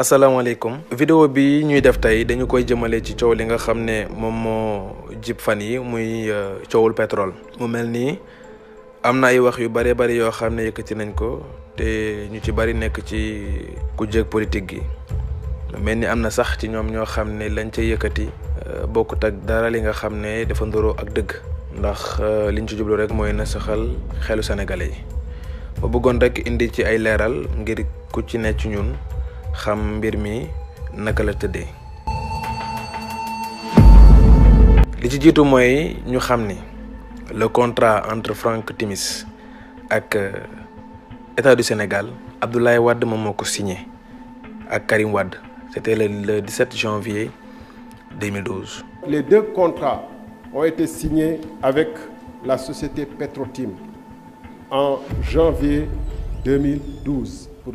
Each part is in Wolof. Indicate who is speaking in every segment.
Speaker 1: asalaamaaleykum video bi ñuy def tey dañu koy jëmale ci coow li nga xam ne moom moo jib fan yi muy euh, coowul pétrole mu mel nii am na ay wax yu bare bari yoo xam ne yëkkati nañ ko te ñu ci bari nekk ci ku jëg politique gi mel ni am na sax ci ñoom ñoo xam ne lañ ca yëkkati euh, bokkut ak dara li nga xam ne dafa ndoroo ak dëgg ndax euh, liñ ci jublu rek mooy na saxal xelu sénégalais yi ba bëggoon rek indi ci ay leeral ngir ku ci nekk ci ñun xam mbir mi naka la tëddee. li ñu le contrat entre Franck Timis ak euh, état du Sénégal Abdoulaye Wade moom moo signé ak Karim Wad c'était le 17 janvier 2012.
Speaker 2: Les deux contrats ont été signés avec la société Petrotim en janvier 2012 pour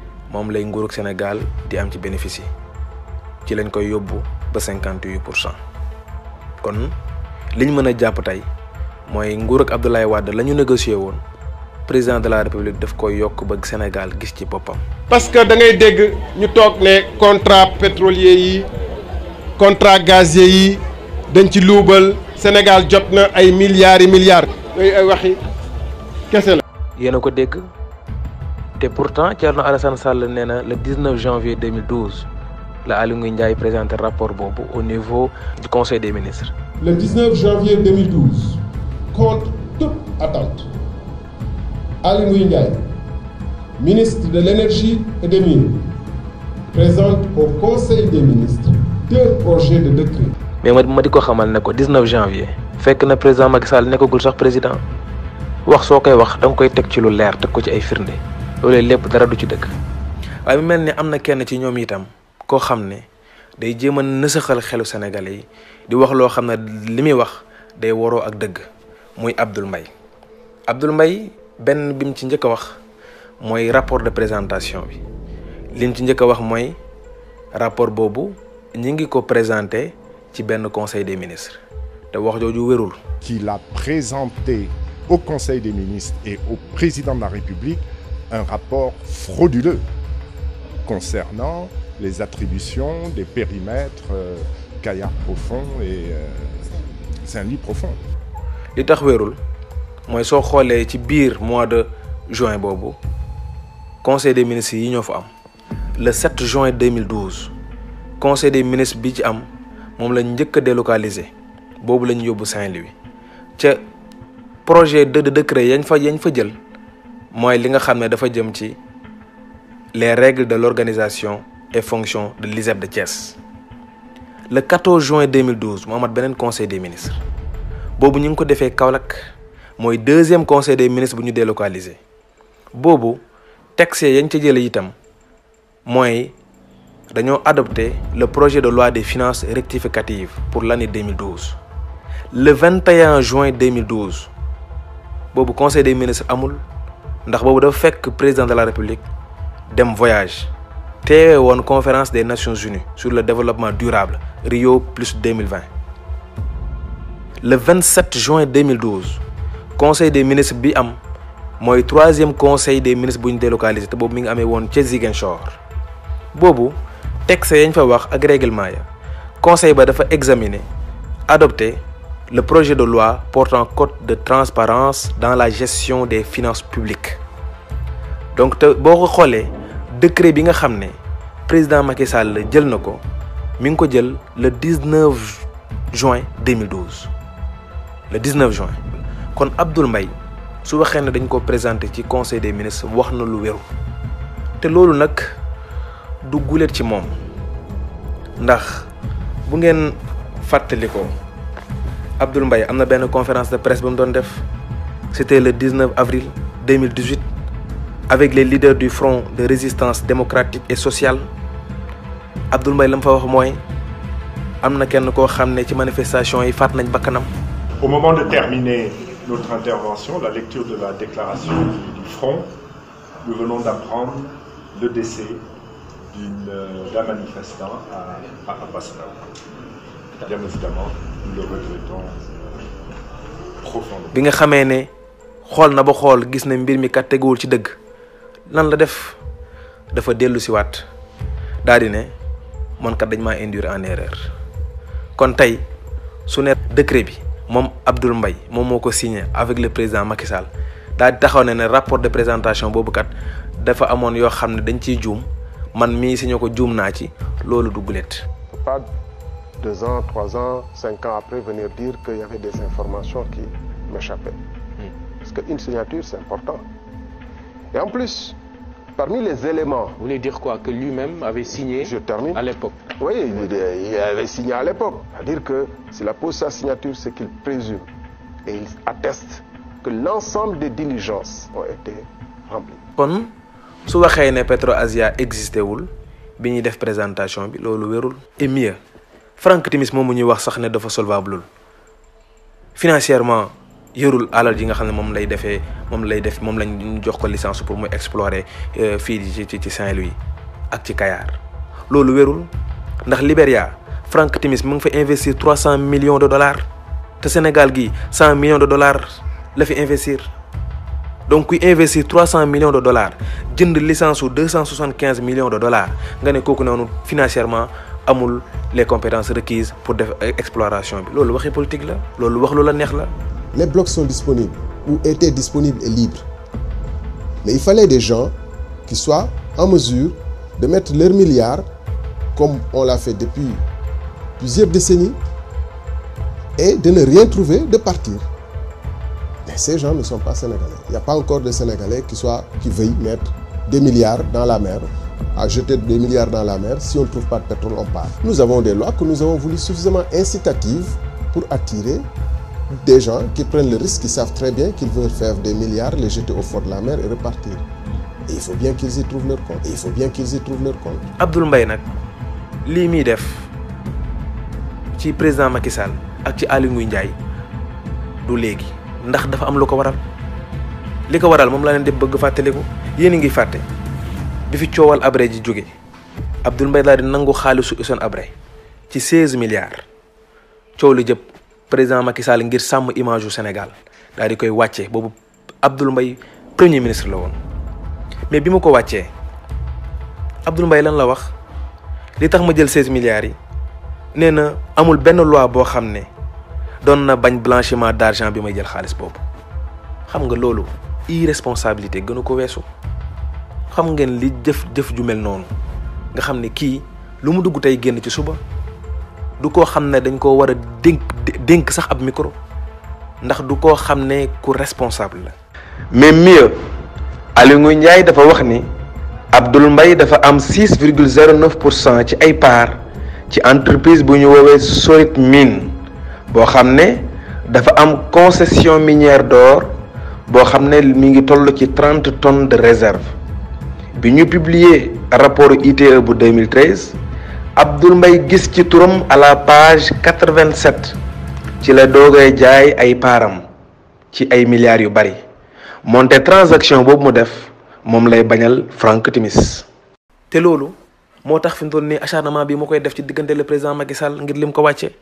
Speaker 1: mom lay nguurug Sénégal di am ci bénéfice ci lañ koy yobbu ba 58% kon liñ mëna japp tay moy mooy Abdoulaye Wade la ñu négocié président de la république daf koy yok ba Sénégal gis ci boppam.
Speaker 2: parce que da ngay dégg ñu tok ne contrat pétrolier yi contrat gazier yi dañ ci loubal Sénégal jot na ay milliards yi milliards. ay waxi kessela la. ko dégg
Speaker 1: et pourtant le 19 janvier 2012 la Aly a Ndiaye un rapport au niveau du conseil des ministres.
Speaker 2: le 19 janvier 2012 contre toute attente Ali Ndiaye ministre de l'énergie et des mines présente au conseil des ministres deux projets de décret.
Speaker 1: mais ma ne ko xamal ne ko 19 janvier que le président Macky Sall président wax soo koy wax da koy teg ci loolee lepp dara du ci dëkk waaye mu mel ni kenn ci ñom itam ko xam day jéem neusexal nësaxal xelu Sénégalais yi di wax lo xam limi wax day woro ak dëgg muy Abdoul Mbaye Abdoul Mbaye benn bi ci njëkk wax moy rapport de présentation bi li mu ci njëkk wax moy rapport bobu ñi ngi ko présenter ci ben conseil des ministres te wax joju wërul
Speaker 2: qui l'a présenté au conseil des ministres et au président de la République un rapport frauduleux concernant les attributions des périmètres euh, Caillard profond et euh, Saint-Louis profond.
Speaker 1: Et tax wérul mooy soo les ci mois de juin le conseil des ministres a le 7 juin 2012 conseil des ministres bi ci am moom lañ njëkk a délocalisé boobu lañ yóbbu Saint-Louis C'est projet de décret yañ fa yañ fa jël mooy li nga xam ne dafa jëm les règles de l'organisation et fonction de l'ISEP de Thiès le 14 juin 2012 mu amat beneen conseil des ministres boobu ñu ngi ko defee Kaolack mooy deuxième conseil des ministres bu ñu délocalisé boobu texte yañ ca jële itam mooy dañoo adopté le projet de loi des finances rectificative pour l'année 2012 le 21 juin 2012 le conseil des ministres amul ndax boobu dafa fekk président de la république dem voyage teewee la conférence des nations unies sur le développement durable Rio plus 2020 le 27 juin 2012 conseil des ministres bi am troisième conseil des ministres bu ñu délocalisé te boobu mi ngi amee texte yañ fa wax ak conseil ba dafa examiner adopté le projet de loi porte en code de transparence dans la gestion des finances publiques donc si vous décret bi nga président Macky Sall jël le 19 juin 2012 le 19 juin kon Abdoul Mbaye si conseil des ministres wax na lu wéru te loolu nag du guléet ci Abdoul Mbaye am conférence de presse c'était le 19 avril 2018 avec les leaders du front de résistance démocratique et sociale Abdoul Mbaye fa wax manifestation au moment
Speaker 2: de terminer notre intervention la lecture de la déclaration du front nous venons d'apprendre le décès d'un manifestant à, à Bien évidemment, bi
Speaker 1: nga xamee ne xool na ba xool gis na mbir mi kat teguwul ci dëgg lan la def dafa dellu si waat daal di ne man kat dañ ma induire en erreur kon tey su ne décret bi moom Abdoul mbay moom moo ko signé avec le président Macky Sall daal di taxaw ne ne rapport de présentation boobu kat dafa amoon yoo xam ne dañ ciy juum man mii signé ko juum naa ci loolu dugguleet
Speaker 2: deux ans, trois ans, cinq ans après, venir dire qu'il y avait des informations qui m'échappaient. Hmm. Parce qu'une signature, c'est important. Et en plus, parmi les éléments... Vous voulez dire quoi Que lui-même avait signé à l'époque Oui, il, avait signé à l'époque. C'est-à-dire que s'il a posé sa signature, c'est qu'il présume et il atteste que l'ensemble des diligences ont été remplies.
Speaker 1: si Petro présentation et mieux Franck Timis m'a ñuy wax sax né dafa solvable financièrement il alal fait nga xamné lay licence pour explorer euh, fi ci ci Saint-Louis ak ci Kayar loolu wérul ndax Liberia Franck Timis mu ngi investir 300 millions de dollars te Sénégal gi 100 millions de dollars la fi investir donc il investir 300 millions de dollars jënd licence fait une millions de dollars nga financièrement les compétences requises pour l'exploration. exploration ce politique
Speaker 2: les blocs sont disponibles ou étaient disponibles et libres mais il fallait des gens qui soient en mesure de mettre leurs milliards comme on l'a fait depuis plusieurs décennies et de ne rien trouver de partir mais ces gens ne sont pas sénégalais il n'y a pas encore de sénégalais qui soient qui veuillent mettre des milliards dans la mer à jeter des milliards dans la mer. Si on ne trouve pas de pétrole, on part. Nous avons des lois que nous avons voulu suffisamment incitatives pour attirer des gens qui prennent le risque, qui savent très bien qu'ils veulent faire des milliards, les jeter au fort de la mer et repartir. Et il faut bien qu'ils y trouvent leur compte. il faut bien qu'ils y trouvent leur compte.
Speaker 1: Abdoul président Macky Sall Ndiaye bi fi coowal Habré ji jóge Abdoul Mbaye daal di nangu xaalisu Hissène Habré ci 16 milliards coow li jëpp président Macky Sall ngir sàmm image Sénégal daal di koy wàccee boobu Abdoul Mbaye premier ministre la woon mais bi mu ko wàccee Abdoul Mbaye lan la wax li tax ma jël 16 milliards yi nee na amul benn loi boo xam ne doon na bañ blanchiment d'argent bi may jël xaalis boobu xam nga loolu irresponsabilité gënu ko weesu xam ngeen li jëf jëf ju mel noonu nga xam ne kii lu mu dugg tey génn ci suba du koo xam ne dañ ko war a dénk dénk sax ab micro ndax du koo xam ne ku responsable la mais mieux Aliou Ndiaye dafa wax ni abdul mbay dafa am 6,09 pour cent ci ay part ci entreprise bu ñu woowee Solid Mine boo xam ne dafa am concession minière d'or boo xam ne mi ngi toll ci 30 tonnes de réserve bi ñu publier rapport ITE bu 2013 Abdoul Mbaye gis ci turam à la page 87 ci la dogay jaay ay param ci ay milliards yu bari Monté transaction bobu mu def mom lay bañal Frank Timis Té lolu motax fi mu acharnement bi mo koy def ci diggante le président Macky Sall ngir lim ko waccé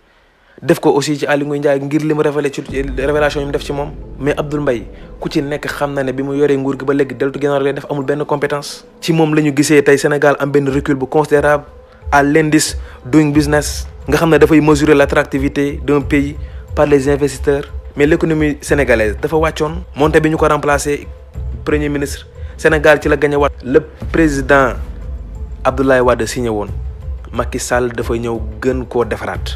Speaker 1: def ko aussi ci Ali Ngouille Ndiaye ngir li mu ci révélation yi mu def ci moom mais Abdoul Mbaye ku ci nekk xam na ne bi mu yoree nguur gi ba léegi deltu gannaaw lay def amul benn compétence ci moom la ñu gisee tey Sénégal am benn recul considérable à l'indice doing business nga xam ne dafay mesurer l'attractivité d'un pays par les investisseurs mais l'économie sénégalaise dafa wàccoon moonte bi ñu ko remplacé premier ministre Sénégal ci la gagné waat le président Abdoulaye Wade signé woon Macky Sall dafa ñëw gën koo defaraat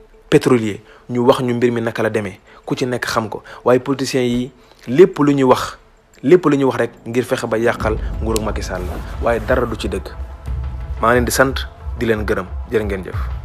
Speaker 1: pétrolier ñu wax ñu mbir mi naka la demee ku ci nekk xam ko waaye politiciens yi lépp lu ñuy wax lépp lu ñuy wax rek ngir fexe ba yàqal nguuru Macky sàll waaye dara du ci dëkk maa leen di sant di leen gërëm jërë ngeen jëf.